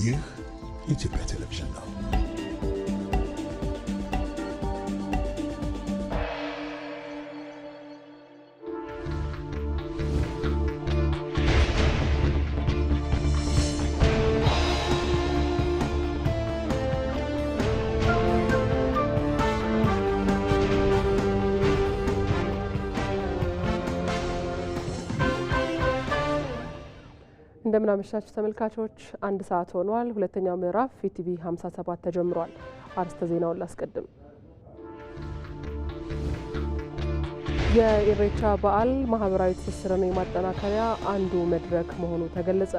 You it's a better television now. እንደምናመሻችሁ ተመልካቾች፣ አንድ ሰዓት ሆኗል። ሁለተኛው ምዕራፍ ኢቲቪ 57 ተጀምሯል። አርስተ ዜናውን ላስቀድም። የኢሬቻ በዓል ማህበራዊ ትስስርን የማጠናከሪያ አንዱ መድረክ መሆኑ ተገለጸ።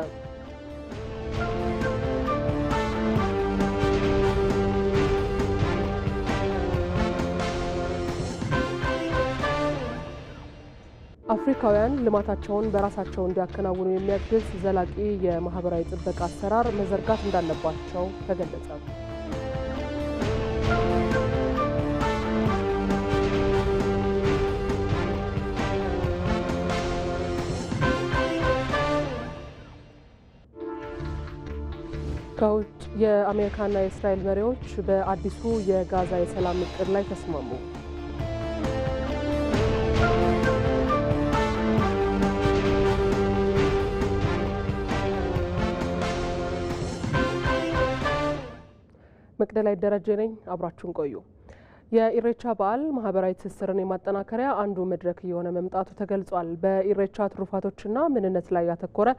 አፍሪካውያን ልማታቸውን በራሳቸው እንዲያከናውኑ የሚያግዝ ዘላቂ የማህበራዊ ጥበቃ አሰራር መዘርጋት እንዳለባቸው ተገለጸ። ከውጭ የአሜሪካና የእስራኤል መሪዎች በአዲሱ የጋዛ የሰላም እቅድ ላይ ተስማሙ። መቅደላይ ደረጀ ነኝ። አብራችሁን ቆዩ። የኢሬቻ በዓል ማህበራዊ ትስስርን የማጠናከሪያ አንዱ መድረክ እየሆነ መምጣቱ ተገልጿል። በኢሬቻ ትሩፋቶችና ምንነት ላይ ያተኮረ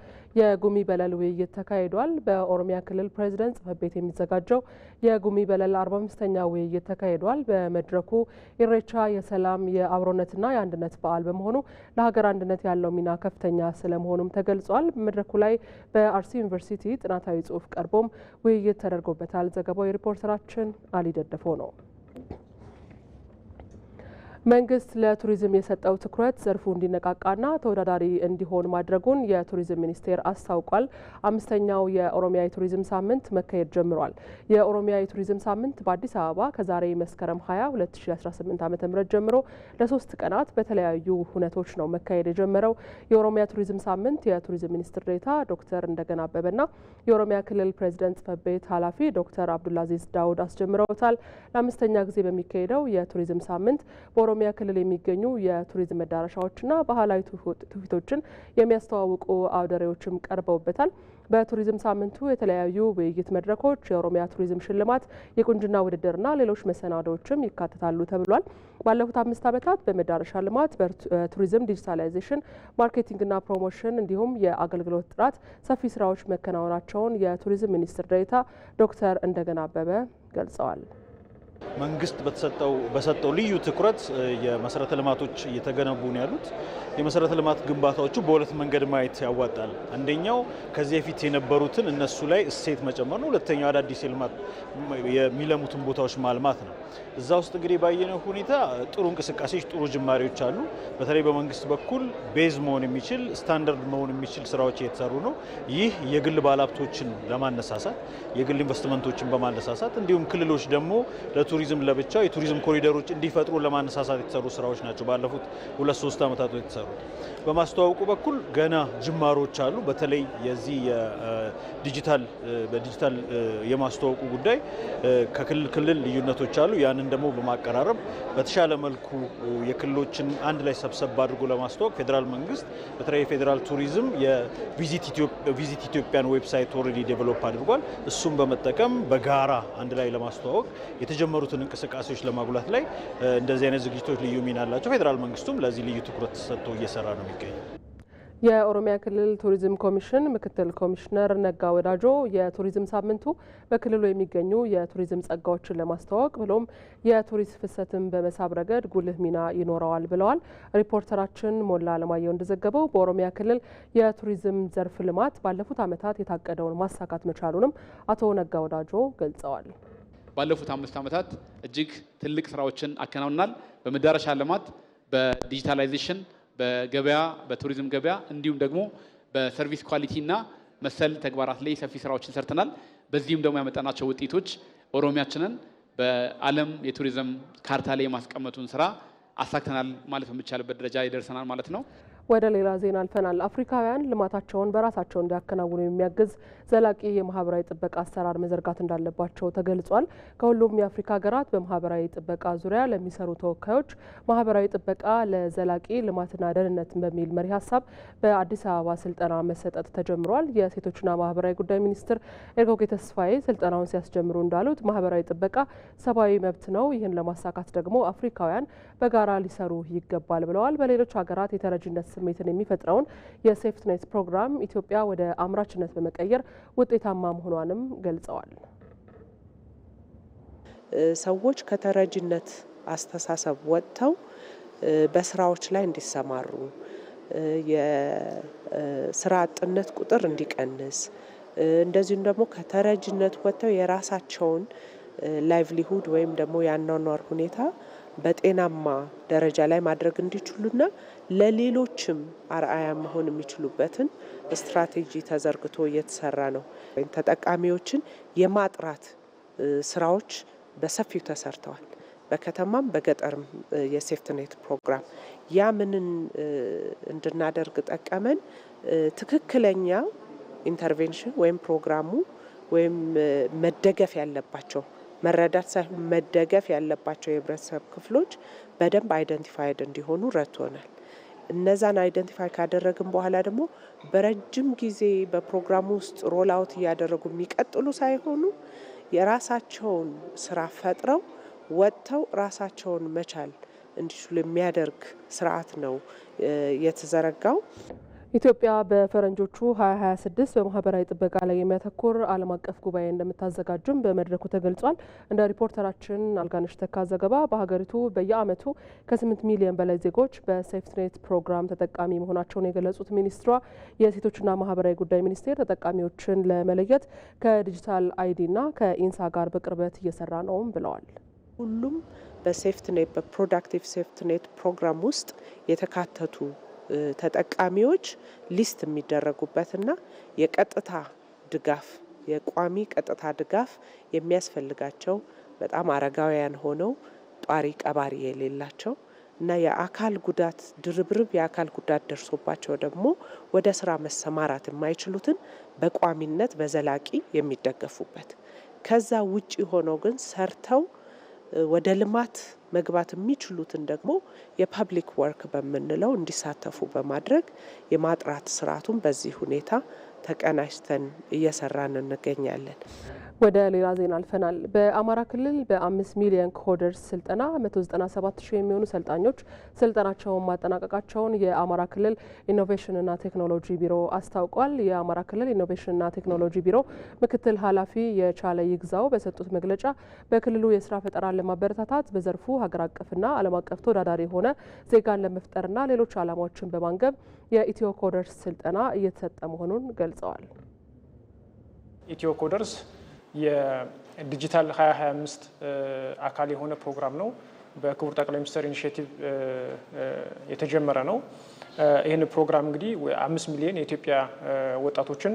የጉሚ በለል ውይይት ተካሂዷል። በኦሮሚያ ክልል ፕሬዚደንት ጽህፈት ቤት የሚዘጋጀው የጉሚ በለል 45ኛ ውይይት ተካሂዷል። በመድረኩ ኢሬቻ የሰላም የአብሮነትና የአንድነት በዓል በመሆኑ ለሀገር አንድነት ያለው ሚና ከፍተኛ ስለመሆኑም ተገልጿል። መድረኩ ላይ በአርሲ ዩኒቨርሲቲ ጥናታዊ ጽሑፍ ቀርቦም ውይይት ተደርጎበታል። ዘገባው የሪፖርተራችን አሊ ደደፎ ነው። መንግስት ለቱሪዝም የሰጠው ትኩረት ዘርፉ እንዲነቃቃና ተወዳዳሪ እንዲሆን ማድረጉን የቱሪዝም ሚኒስቴር አስታውቋል። አምስተኛው የኦሮሚያ የቱሪዝም ሳምንት መካሄድ ጀምሯል። የኦሮሚያ የቱሪዝም ሳምንት በአዲስ አበባ ከዛሬ መስከረም 20 2018 ዓ ም ጀምሮ ለሶስት ቀናት በተለያዩ ሁነቶች ነው መካሄድ የጀመረው። የኦሮሚያ ቱሪዝም ሳምንት የቱሪዝም ሚኒስትር ዴኤታ ዶክተር እንደገና አበበና የኦሮሚያ ክልል ፕሬዚደንት ጽሕፈት ቤት ኃላፊ ዶክተር አብዱላዚዝ ዳውድ አስጀምረውታል። ለአምስተኛ ጊዜ በሚካሄደው የቱሪዝም ሳምንት በኦሮሚያ ክልል የሚገኙ የቱሪዝም መዳረሻዎችና ባህላዊ ትውፊቶችን የሚያስተዋውቁ አውደሬዎችም ቀርበውበታል። በቱሪዝም ሳምንቱ የተለያዩ ውይይት መድረኮች፣ የኦሮሚያ ቱሪዝም ሽልማት፣ የቁንጅና ውድድርና ሌሎች መሰናዶዎችም ይካተታሉ ተብሏል። ባለፉት አምስት ዓመታት በመዳረሻ ልማት፣ በቱሪዝም ዲጂታላይዜሽን፣ ማርኬቲንግና ፕሮሞሽን እንዲሁም የአገልግሎት ጥራት ሰፊ ስራዎች መከናወናቸውን የቱሪዝም ሚኒስትር ዴኤታ ዶክተር እንደገና አበበ ገልጸዋል። መንግስት በተሰጠው በሰጠው ልዩ ትኩረት የመሰረተ ልማቶች እየተገነቡ ነው ያሉት። የመሰረተ ልማት ግንባታዎቹ በሁለት መንገድ ማየት ያዋጣል። አንደኛው ከዚህ በፊት የነበሩትን እነሱ ላይ እሴት መጨመር ነው። ሁለተኛው አዳዲስ የልማት የሚለሙትን ቦታዎች ማልማት ነው። እዛ ውስጥ እንግዲህ ባየነው ሁኔታ ጥሩ እንቅስቃሴዎች፣ ጥሩ ጅማሬዎች አሉ። በተለይ በመንግስት በኩል ቤዝ መሆን የሚችል ስታንዳርድ መሆን የሚችል ስራዎች እየተሰሩ ነው። ይህ የግል ባለሀብቶችን ለማነሳሳት የግል ኢንቨስትመንቶችን በማነሳሳት እንዲሁም ክልሎች ደግሞ ለቱሪዝም ለብቻው የቱሪዝም ኮሪደሮች እንዲፈጥሩ ለማነሳሳት የተሰሩ ስራዎች ናቸው። ባለፉት ሁለት ሶስት ዓመታት የተሰሩት በማስተዋወቁ በኩል ገና ጅማሮች አሉ። በተለይ የዚህ ዲጂታል በዲጂታል የማስተዋወቁ ጉዳይ ከክልል ክልል ልዩነቶች አሉ። ያንን ደግሞ በማቀራረብ በተሻለ መልኩ የክልሎችን አንድ ላይ ሰብሰብ አድርጎ ለማስተዋወቅ ፌዴራል መንግስት በተለይ የፌዴራል ቱሪዝም የቪዚት ኢትዮጵያን ዌብሳይት ኦልሬዲ ዴቨሎፕ አድርጓል። እሱም በመጠቀም በጋራ አንድ ላይ ለማስተዋወቅ የተጀመሩትን እንቅስቃሴዎች ለማጉላት ላይ እንደዚህ አይነት ዝግጅቶች ልዩ ሚና አላቸው። ፌዴራል መንግስቱም ለዚህ ልዩ ትኩረት ሰጥቶ እየሰራ ነው የሚገኘው። የኦሮሚያ ክልል ቱሪዝም ኮሚሽን ምክትል ኮሚሽነር ነጋ ወዳጆ የቱሪዝም ሳምንቱ በክልሉ የሚገኙ የቱሪዝም ጸጋዎችን ለማስተዋወቅ ብሎም የቱሪስት ፍሰትን በመሳብ ረገድ ጉልህ ሚና ይኖረዋል ብለዋል። ሪፖርተራችን ሞላ አለማየሁ እንደዘገበው በኦሮሚያ ክልል የቱሪዝም ዘርፍ ልማት ባለፉት ዓመታት የታቀደውን ማሳካት መቻሉንም አቶ ነጋ ወዳጆ ገልጸዋል። ባለፉት አምስት ዓመታት እጅግ ትልቅ ስራዎችን አከናውናል። በመዳረሻ ልማት፣ በዲጂታላይዜሽን በገበያ በቱሪዝም ገበያ እንዲሁም ደግሞ በሰርቪስ ኳሊቲ እና መሰል ተግባራት ላይ ሰፊ ስራዎችን ሰርተናል። በዚህም ደግሞ ያመጣናቸው ውጤቶች ኦሮሚያችንን በዓለም የቱሪዝም ካርታ ላይ የማስቀመጡን ስራ አሳክተናል ማለት በሚቻልበት ደረጃ ይደርሰናል ማለት ነው። ወደ ሌላ ዜና አልፈናል። አፍሪካውያን ልማታቸውን በራሳቸው እንዲያከናውኑ የሚያግዝ ዘላቂ የማህበራዊ ጥበቃ አሰራር መዘርጋት እንዳለባቸው ተገልጿል። ከሁሉም የአፍሪካ ሀገራት በማህበራዊ ጥበቃ ዙሪያ ለሚሰሩ ተወካዮች ማህበራዊ ጥበቃ ለዘላቂ ልማትና ደህንነት በሚል መሪ ሀሳብ በአዲስ አበባ ስልጠና መሰጠት ተጀምሯል። የሴቶችና ማህበራዊ ጉዳይ ሚኒስትር ኤርጎጌ ተስፋዬ ስልጠናውን ሲያስጀምሩ እንዳሉት ማህበራዊ ጥበቃ ሰብአዊ መብት ነው። ይህን ለማሳካት ደግሞ አፍሪካውያን በጋራ ሊሰሩ ይገባል ብለዋል። በሌሎች ሀገራት የተረጂነት ስሜትን የሚፈጥረውን የሴፍትኔት ፕሮግራም ኢትዮጵያ ወደ አምራችነት በመቀየር ውጤታማ መሆኗንም ገልጸዋል። ሰዎች ከተረጅነት አስተሳሰብ ወጥተው በስራዎች ላይ እንዲሰማሩ የስራ አጥነት ቁጥር እንዲቀንስ እንደዚሁም ደግሞ ከተረጅነት ወጥተው የራሳቸውን ላይቭሊሁድ ወይም ደግሞ የአኗኗር ሁኔታ በጤናማ ደረጃ ላይ ማድረግ እንዲችሉና ለሌሎችም አርአያ መሆን የሚችሉበትን ስትራቴጂ ተዘርግቶ እየተሰራ ነው። ተጠቃሚዎችን የማጥራት ስራዎች በሰፊው ተሰርተዋል። በከተማም በገጠርም የሴፍትኔት ፕሮግራም ያ ምንን እንድናደርግ ጠቀመን? ትክክለኛ ኢንተርቬንሽን ወይም ፕሮግራሙ ወይም መደገፍ ያለባቸው መረዳት ሳይሆን መደገፍ ያለባቸው የህብረተሰብ ክፍሎች በደንብ አይደንቲፋይድ እንዲሆኑ ረድቶናል። እነዛን አይደንቲፋይ ካደረግን በኋላ ደግሞ በረጅም ጊዜ በፕሮግራሙ ውስጥ ሮል አውት እያደረጉ የሚቀጥሉ ሳይሆኑ የራሳቸውን ስራ ፈጥረው ወጥተው ራሳቸውን መቻል እንዲችሉ የሚያደርግ ስርዓት ነው የተዘረጋው። ኢትዮጵያ በፈረንጆቹ 2026 በማህበራዊ ጥበቃ ላይ የሚያተኩር ዓለም አቀፍ ጉባኤ እንደምታዘጋጅም በመድረኩ ተገልጿል። እንደ ሪፖርተራችን አልጋነሽ ተካ ዘገባ በሀገሪቱ በየዓመቱ ከ8 ሚሊዮን በላይ ዜጎች በሴፍትኔት ፕሮግራም ተጠቃሚ መሆናቸውን የገለጹት ሚኒስትሯ የሴቶችና ማህበራዊ ጉዳይ ሚኒስቴር ተጠቃሚዎችን ለመለየት ከዲጂታል አይዲና ከኢንሳ ጋር በቅርበት እየሰራ ነውም ብለዋል። ሁሉም በሴፍትኔት በፕሮዳክቲቭ ሴፍትኔት ፕሮግራም ውስጥ የተካተቱ ተጠቃሚዎች ሊስት የሚደረጉበትና የቀጥታ ድጋፍ የቋሚ ቀጥታ ድጋፍ የሚያስፈልጋቸው በጣም አረጋውያን ሆነው ጧሪ ቀባሪ የሌላቸው እና የአካል ጉዳት ድርብርብ የአካል ጉዳት ደርሶባቸው ደግሞ ወደ ስራ መሰማራት የማይችሉትን በቋሚነት በዘላቂ የሚደገፉበት ከዛ ውጪ ሆነው ግን ሰርተው ወደ ልማት መግባት የሚችሉትን ደግሞ የፐብሊክ ወርክ በምንለው እንዲሳተፉ በማድረግ የማጥራት ስርዓቱን በዚህ ሁኔታ ተቀናጅተን እየሰራን እንገኛለን። ወደ ሌላ ዜና አልፈናል። በአማራ ክልል በአምስት ሚሊዮን ኮደርስ ስልጠና ሰባት ሺህ የሚሆኑ ሰልጣኞች ስልጠናቸውን ማጠናቀቃቸውን የአማራ ክልል ኢኖቬሽንና ቴክኖሎጂ ቢሮ አስታውቋል። የአማራ ክልል ኢኖቬሽንና ቴክኖሎጂ ቢሮ ምክትል ኃላፊ የቻለ ይግዛው በሰጡት መግለጫ በክልሉ የስራ ፈጠራን ለማበረታታት በዘርፉ ሀገር አቀፍና ዓለም አቀፍ ተወዳዳሪ የሆነ ዜጋን ለመፍጠርና ሌሎች ዓላማዎችን በማንገብ የኢትዮ ኮደርስ ስልጠና እየተሰጠ መሆኑን ገልጸዋል። ኢትዮ ኮደርስ የዲጂታል 2025 አካል የሆነ ፕሮግራም ነው። በክቡር ጠቅላይ ሚኒስትር ኢኒሽቲቭ የተጀመረ ነው። ይህን ፕሮግራም እንግዲህ አምስት ሚሊዮን የኢትዮጵያ ወጣቶችን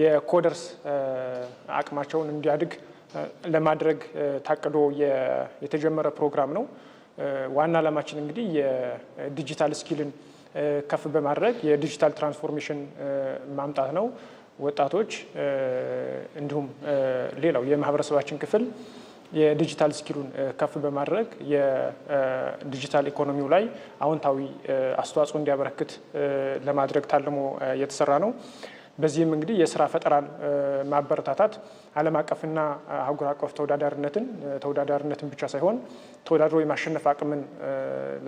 የኮደርስ አቅማቸውን እንዲያድግ ለማድረግ ታቅዶ የተጀመረ ፕሮግራም ነው። ዋና ዓላማችን እንግዲህ የዲጂታል ስኪልን ከፍ በማድረግ የዲጂታል ትራንስፎርሜሽን ማምጣት ነው። ወጣቶች እንዲሁም ሌላው የማህበረሰባችን ክፍል የዲጂታል ስኪሉን ከፍ በማድረግ የዲጂታል ኢኮኖሚው ላይ አዎንታዊ አስተዋጽኦ እንዲያበረክት ለማድረግ ታልሞ የተሰራ ነው። በዚህም እንግዲህ የስራ ፈጠራን ማበረታታት ዓለም አቀፍና አህጉር አቀፍ ተወዳዳሪነትን ተወዳዳሪነትን ብቻ ሳይሆን ተወዳድሮ የማሸነፍ አቅምን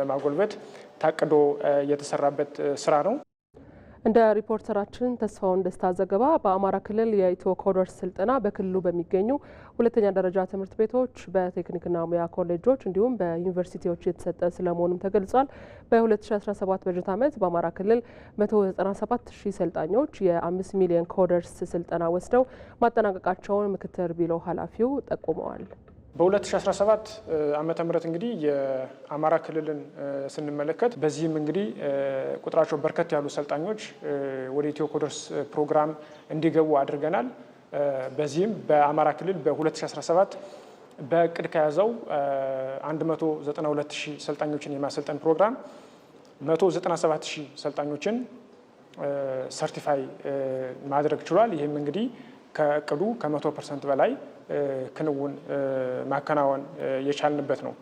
ለማጎልበት ታቅዶ የተሰራበት ስራ ነው። እንደ ሪፖርተራችን ተስፋውን ደስታ ዘገባ በአማራ ክልል የኢትዮ ኮደርስ ስልጠና በክልሉ በሚገኙ ሁለተኛ ደረጃ ትምህርት ቤቶች በቴክኒክና ሙያ ኮሌጆች እንዲሁም በዩኒቨርሲቲዎች የተሰጠ ስለመሆኑም ተገልጿል። በ2017 በጀት ዓመት በአማራ ክልል 197 ሺህ ሰልጣኞች የ5 ሚሊዮን ኮደርስ ስልጠና ወስደው ማጠናቀቃቸውን ምክትል ቢሮ ኃላፊው ጠቁመዋል። በ2017 ዓመተ ምህረት እንግዲህ የአማራ ክልልን ስንመለከት በዚህም እንግዲህ ቁጥራቸው በርከት ያሉ ሰልጣኞች ወደ ኢትዮ ኮደርስ ፕሮግራም እንዲገቡ አድርገናል። በዚህም በአማራ ክልል በ2017 በእቅድ ከያዘው 192 ሰልጣኞችን የማሰልጠን ፕሮግራም 197 ሰልጣኞችን ሰርቲፋይ ማድረግ ችሏል። ይህም እንግዲህ ከእቅዱ ከ100 ፐርሰንት በላይ ክንውን ማከናወን የቻልንበት ነው።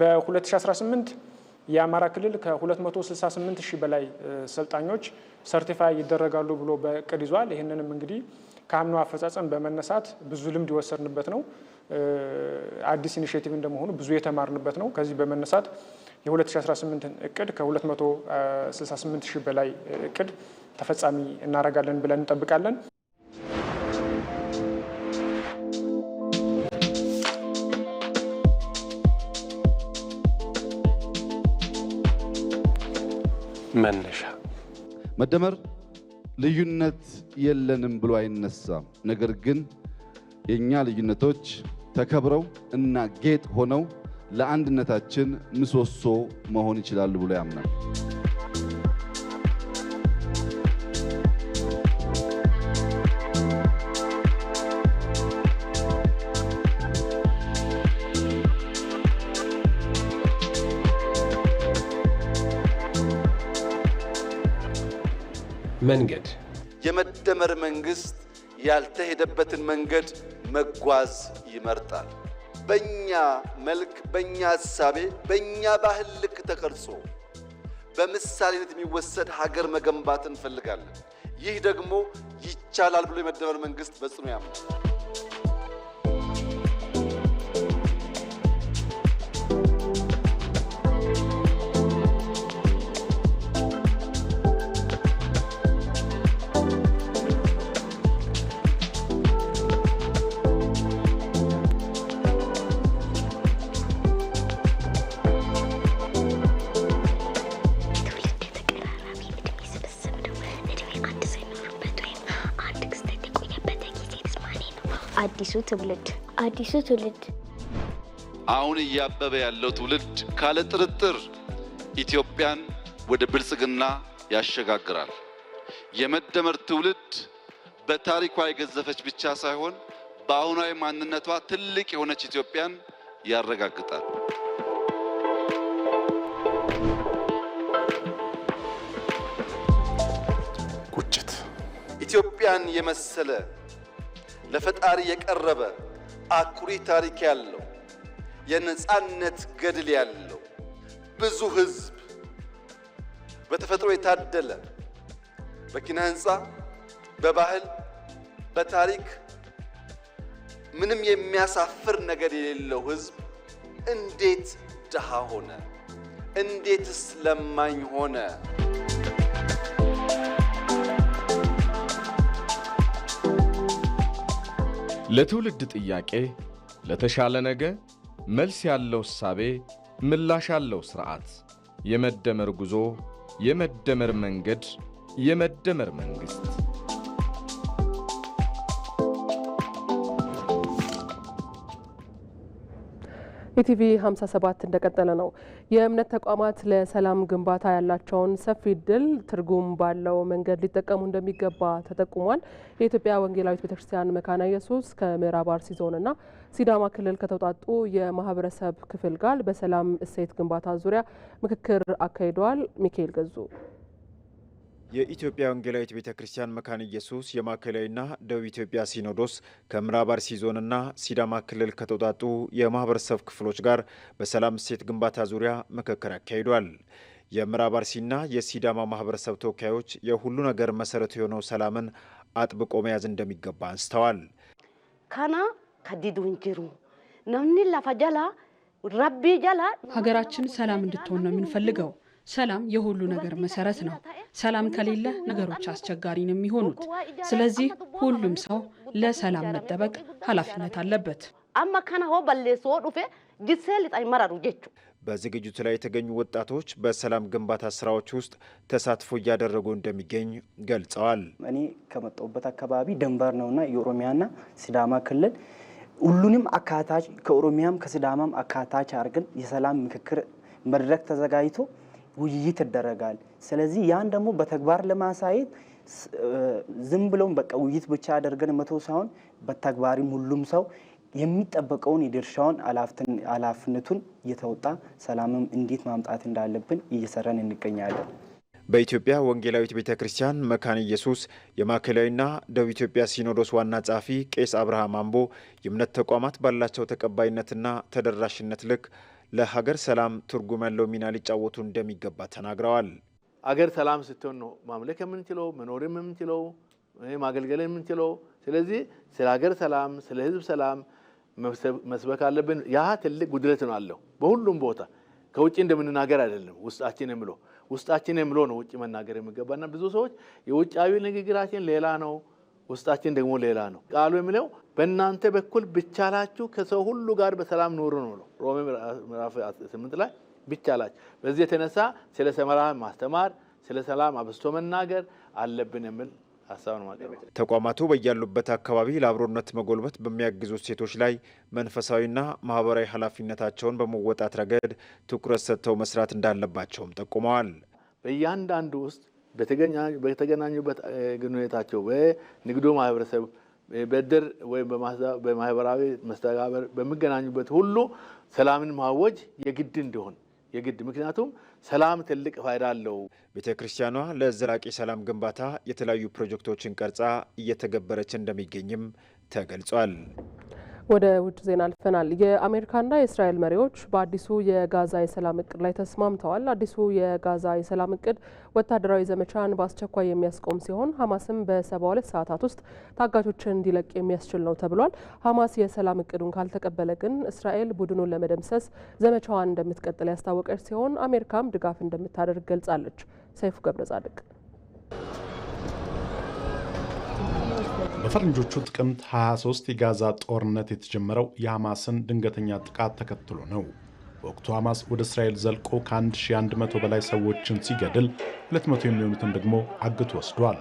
በ2018 የአማራ ክልል ከ268 ሺህ በላይ ሰልጣኞች ሰርቲፋይ ይደረጋሉ ብሎ በእቅድ ይዟል። ይህንንም እንግዲህ ከአምኖ አፈጻጸም በመነሳት ብዙ ልምድ የወሰድንበት ነው። አዲስ ኢኒሽቲቭ እንደመሆኑ ብዙ የተማርንበት ነው። ከዚህ በመነሳት የ2018 እቅድ ከ268 ሺህ በላይ እቅድ ተፈጻሚ እናደርጋለን ብለን እንጠብቃለን። መነሻ መደመር ልዩነት የለንም ብሎ አይነሳም። ነገር ግን የእኛ ልዩነቶች ተከብረው እና ጌጥ ሆነው ለአንድነታችን ምሰሶ መሆን ይችላሉ ብሎ ያምናል። መንገድ የመደመር መንግስት ያልተሄደበትን መንገድ መጓዝ ይመርጣል። በእኛ መልክ፣ በእኛ እሳቤ፣ በእኛ ባህል ልክ ተቀርጾ በምሳሌነት የሚወሰድ ሀገር መገንባት እንፈልጋለን። ይህ ደግሞ ይቻላል ብሎ የመደመር መንግስት በጽኑ ያምናል። አዲሱ ትውልድ አዲሱ ትውልድ አሁን እያበበ ያለው ትውልድ ካለ ጥርጥር ኢትዮጵያን ወደ ብልጽግና ያሸጋግራል። የመደመር ትውልድ በታሪኳ የገዘፈች ብቻ ሳይሆን በአሁናዊ ማንነቷ ትልቅ የሆነች ኢትዮጵያን ያረጋግጣል። ቁጭት ኢትዮጵያን የመሰለ ለፈጣሪ የቀረበ አኩሪ ታሪክ ያለው የነፃነት ገድል ያለው ብዙ ህዝብ በተፈጥሮ የታደለ በኪነ ህንፃ በባህል፣ በታሪክ ምንም የሚያሳፍር ነገር የሌለው ህዝብ እንዴት ድሃ ሆነ? እንዴትስ ለማኝ ሆነ? ለትውልድ ጥያቄ ለተሻለ ነገ መልስ ያለው እሳቤ ምላሽ ያለው ስርዓት የመደመር ጉዞ የመደመር መንገድ የመደመር መንግሥት ኢቲቪ 57 እንደቀጠለ ነው። የእምነት ተቋማት ለሰላም ግንባታ ያላቸውን ሰፊ ድል ትርጉም ባለው መንገድ ሊጠቀሙ እንደሚገባ ተጠቁሟል። የኢትዮጵያ ወንጌላዊት ቤተክርስቲያን መካነ ኢየሱስ ከምዕራብ አርሲ ዞንና ሲዳማ ክልል ከተውጣጡ የማህበረሰብ ክፍል ጋር በሰላም እሴት ግንባታ ዙሪያ ምክክር አካሂደዋል። ሚካኤል ገዙ የኢትዮጵያ ወንጌላዊት ቤተ ክርስቲያን መካነ ኢየሱስ የማዕከላዊና ደቡብ ኢትዮጵያ ሲኖዶስ ከምዕራብ አርሲ ዞንና ሲዳማ ክልል ከተውጣጡ የማህበረሰብ ክፍሎች ጋር በሰላም እሴት ግንባታ ዙሪያ ምክክር አካሂዷል። የምዕራብ አርሲና የሲዳማ ማህበረሰብ ተወካዮች የሁሉ ነገር መሰረት የሆነው ሰላምን አጥብቆ መያዝ እንደሚገባ አንስተዋል። ካና ከዲዱን ጅሩ ነምኒ ላፈ ረቢ ጃላ ሀገራችን ሰላም እንድትሆን ነው የምንፈልገው ሰላም የሁሉ ነገር መሰረት ነው። ሰላም ከሌለ ነገሮች አስቸጋሪ ነው የሚሆኑት። ስለዚህ ሁሉም ሰው ለሰላም መጠበቅ ኃላፊነት አለበት። አማካናሆ በሌሶ ዱፌ ዲሴል ጣይመራሩ ጀቹ በዝግጅቱ ላይ የተገኙ ወጣቶች በሰላም ግንባታ ስራዎች ውስጥ ተሳትፎ እያደረጉ እንደሚገኝ ገልጸዋል። እኔ ከመጣሁበት አካባቢ ደንበር ነውና የኦሮሚያና ሲዳማ ክልል ሁሉንም አካታች ከኦሮሚያም ከሲዳማም አካታች አድርገን የሰላም ምክክር መድረክ ተዘጋጅቶ ውይይት ይደረጋል። ስለዚህ ያን ደግሞ በተግባር ለማሳየት ዝም ብለውን በቃ ውይይት ብቻ አደርገን መቶ ሳይሆን በተግባሪም ሁሉም ሰው የሚጠበቀውን የድርሻውን ኃላፊነቱን እየተወጣ ሰላምም እንዴት ማምጣት እንዳለብን እየሰራን እንገኛለን። በኢትዮጵያ ወንጌላዊት ቤተ ክርስቲያን መካነ ኢየሱስ የማዕከላዊና ደቡብ ኢትዮጵያ ሲኖዶስ ዋና ጸሐፊ ቄስ አብርሃም አምቦ የእምነት ተቋማት ባላቸው ተቀባይነትና ተደራሽነት ልክ ለሀገር ሰላም ትርጉም ያለው ሚና ሊጫወቱ እንደሚገባ ተናግረዋል። አገር ሰላም ስትሆን ነው ማምለክ የምንችለው መኖር የምንችለው ማገልገል የምንችለው። ስለዚህ ስለ ሀገር ሰላም፣ ስለ ህዝብ ሰላም መስበክ አለብን። ያ ትልቅ ጉድለት ነው አለው በሁሉም ቦታ ከውጭ እንደምንናገር አይደለም። ውስጣችን የምሎ ውስጣችን የምሎ ነው ውጭ መናገር የሚገባና ብዙ ሰዎች የውጫዊ ንግግራችን ሌላ ነው፣ ውስጣችን ደግሞ ሌላ ነው ቃሉ የሚለው በእናንተ በኩል ብቻላችሁ ከሰው ሁሉ ጋር በሰላም ኑሩ ነው ነው ሮሜ ምዕራፍ 8 ላይ ብቻላችሁ። በዚህ የተነሳ ስለ ሰላም ማስተማር፣ ስለ ሰላም አብስቶ መናገር አለብን የሚል ተቋማቱ በያሉበት አካባቢ ለአብሮነት መጎልበት በሚያግዙ ሴቶች ላይ መንፈሳዊና ማህበራዊ ኃላፊነታቸውን በመወጣት ረገድ ትኩረት ሰጥተው መስራት እንዳለባቸውም ጠቁመዋል። በእያንዳንዱ ውስጥ በተገናኙበት ግንኙነታቸው በንግዱ ማህበረሰብ በድር ወይም በማህበራዊ መስተጋበር በሚገናኙበት ሁሉ ሰላምን ማወጅ የግድ እንዲሆን የግድ ምክንያቱም ሰላም ትልቅ ፋይዳ አለው። ቤተ ክርስቲያኗ ለዘላቂ ሰላም ግንባታ የተለያዩ ፕሮጀክቶችን ቀርጻ እየተገበረች እንደሚገኝም ተገልጿል። ወደ ውጭ ዜና አልፈናል። የአሜሪካና የእስራኤል መሪዎች በአዲሱ የጋዛ የሰላም እቅድ ላይ ተስማምተዋል። አዲሱ የጋዛ የሰላም እቅድ ወታደራዊ ዘመቻን በአስቸኳይ የሚያስቆም ሲሆን ሀማስም በሰባ ሁለት ሰዓታት ውስጥ ታጋቾችን እንዲለቅ የሚያስችል ነው ተብሏል። ሀማስ የሰላም እቅዱን ካልተቀበለ ግን እስራኤል ቡድኑን ለመደምሰስ ዘመቻዋን እንደምትቀጥል ያስታወቀች ሲሆን አሜሪካም ድጋፍ እንደምታደርግ ገልጻለች። ሰይፉ ገብረ ጻድቅ በፈረንጆቹ ጥቅምት 23 የጋዛ ጦርነት የተጀመረው የሐማስን ድንገተኛ ጥቃት ተከትሎ ነው። በወቅቱ ሐማስ ወደ እስራኤል ዘልቆ ከ1100 በላይ ሰዎችን ሲገድል 200 የሚሆኑትን ደግሞ አግቶ ወስዷል።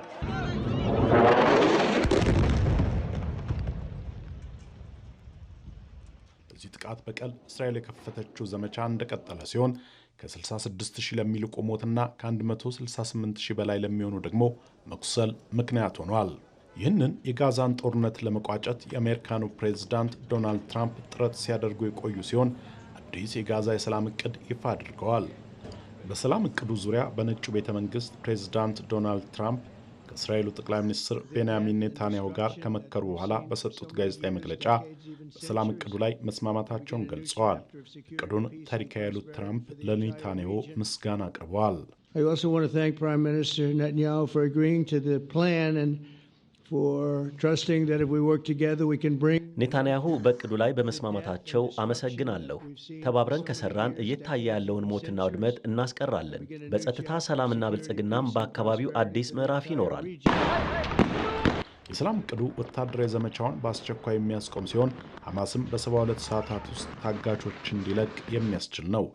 በዚህ ጥቃት በቀል እስራኤል የከፈተችው ዘመቻ እንደቀጠለ ሲሆን ከ66000 ለሚልቁ ሞትና ከ168000 በላይ ለሚሆኑ ደግሞ መቁሰል ምክንያት ሆኗል። ይህንን የጋዛን ጦርነት ለመቋጨት የአሜሪካኑ ፕሬዝዳንት ዶናልድ ትራምፕ ጥረት ሲያደርጉ የቆዩ ሲሆን አዲስ የጋዛ የሰላም እቅድ ይፋ አድርገዋል። በሰላም እቅዱ ዙሪያ በነጩ ቤተ መንግስት ፕሬዝዳንት ዶናልድ ትራምፕ ከእስራኤሉ ጠቅላይ ሚኒስትር ቤንያሚን ኔታንያሁ ጋር ከመከሩ በኋላ በሰጡት ጋዜጣዊ መግለጫ በሰላም እቅዱ ላይ መስማማታቸውን ገልጸዋል። እቅዱን ታሪካዊ ያሉት ትራምፕ ለኔታንያሁ ምስጋና አቅርበዋል። ኔታንያሁ በእቅዱ ላይ በመስማማታቸው አመሰግናለሁ። ተባብረን ከሰራን እየታየ ያለውን ሞትና ውድመት እናስቀራለን። በጸጥታ ሰላምና ብልጽግናም በአካባቢው አዲስ ምዕራፍ ይኖራል። የሰላም እቅዱ ወታደራዊ ዘመቻውን በአስቸኳይ የሚያስቆም ሲሆን ሐማስም በ72 ሰዓታት ውስጥ ታጋቾች እንዲለቅ የሚያስችል ነው።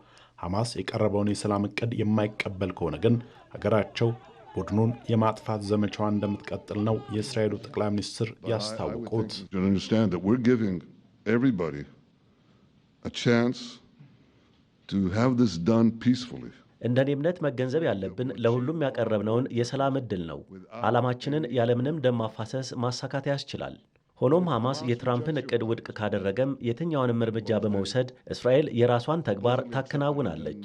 ሐማስ የቀረበውን የሰላም እቅድ የማይቀበል ከሆነ ግን ሀገራቸው ቡድኑን የማጥፋት ዘመቻዋ እንደምትቀጥል ነው የእስራኤሉ ጠቅላይ ሚኒስትር ያስታወቁት። እንደኔ እምነት መገንዘብ ያለብን ለሁሉም ያቀረብነውን የሰላም ዕድል ነው። ዓላማችንን ያለምንም ደም ማፋሰስ ማሳካት ያስችላል። ሆኖም ሐማስ የትራምፕን ዕቅድ ውድቅ ካደረገም የትኛውንም እርምጃ በመውሰድ እስራኤል የራሷን ተግባር ታከናውናለች።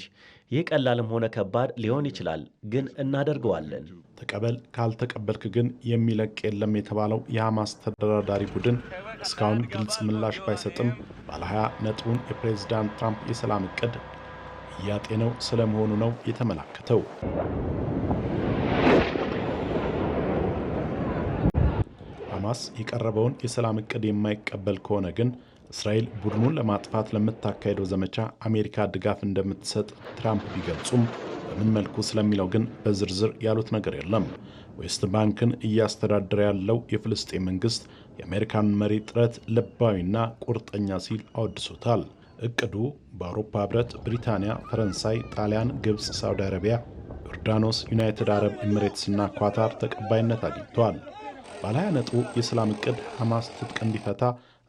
ይህ ቀላልም ሆነ ከባድ ሊሆን ይችላል፣ ግን እናደርገዋለን። ተቀበል፣ ካልተቀበልክ ግን የሚለቅ የለም የተባለው የሐማስ ተደራዳሪ ቡድን እስካሁን ግልጽ ምላሽ ባይሰጥም ባለ 20 ነጥቡን የፕሬዚዳንት ትራምፕ የሰላም እቅድ እያጤነው ስለመሆኑ ነው የተመላከተው። ሐማስ የቀረበውን የሰላም እቅድ የማይቀበል ከሆነ ግን እስራኤል ቡድኑን ለማጥፋት ለምታካሄደው ዘመቻ አሜሪካ ድጋፍ እንደምትሰጥ ትራምፕ ቢገልጹም በምን መልኩ ስለሚለው ግን በዝርዝር ያሉት ነገር የለም። ዌስት ባንክን እያስተዳደረ ያለው የፍልስጤም መንግስት የአሜሪካን መሪ ጥረት ልባዊና ቁርጠኛ ሲል አወድሶታል። እቅዱ በአውሮፓ ህብረት፣ ብሪታንያ፣ ፈረንሳይ፣ ጣሊያን፣ ግብፅ፣ ሳውዲ አረቢያ፣ ዮርዳኖስ፣ ዩናይትድ አረብ ኤሚሬትስና ኳታር ተቀባይነት አግኝተዋል። ባለ ሃያ ነጥቡ የሰላም እቅድ ሐማስ ትጥቅ እንዲፈታ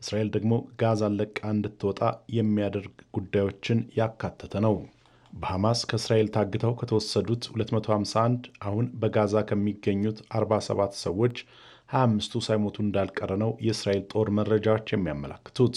እስራኤል ደግሞ ጋዛን ለቃ እንድትወጣ የሚያደርግ ጉዳዮችን ያካተተ ነው። በሐማስ ከእስራኤል ታግተው ከተወሰዱት 251 አሁን በጋዛ ከሚገኙት 47 ሰዎች 25ቱ ሳይሞቱ እንዳልቀረ ነው የእስራኤል ጦር መረጃዎች የሚያመላክቱት።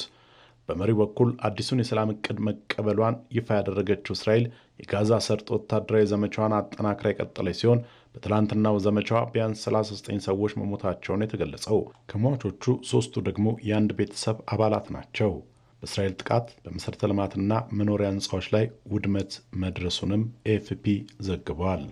በመሪው በኩል አዲሱን የሰላም እቅድ መቀበሏን ይፋ ያደረገችው እስራኤል የጋዛ ሰርጥ ወታደራዊ ዘመቻዋን አጠናክራ የቀጠለች ሲሆን በትላንትናው ዘመቻዋ ቢያንስ 39 ሰዎች መሞታቸውን የተገለጸው ከሟቾቹ ሦስቱ ደግሞ የአንድ ቤተሰብ አባላት ናቸው። በእስራኤል ጥቃት በመሠረተ ልማትና መኖሪያ ሕንፃዎች ላይ ውድመት መድረሱንም ኤፍፒ ዘግቧል።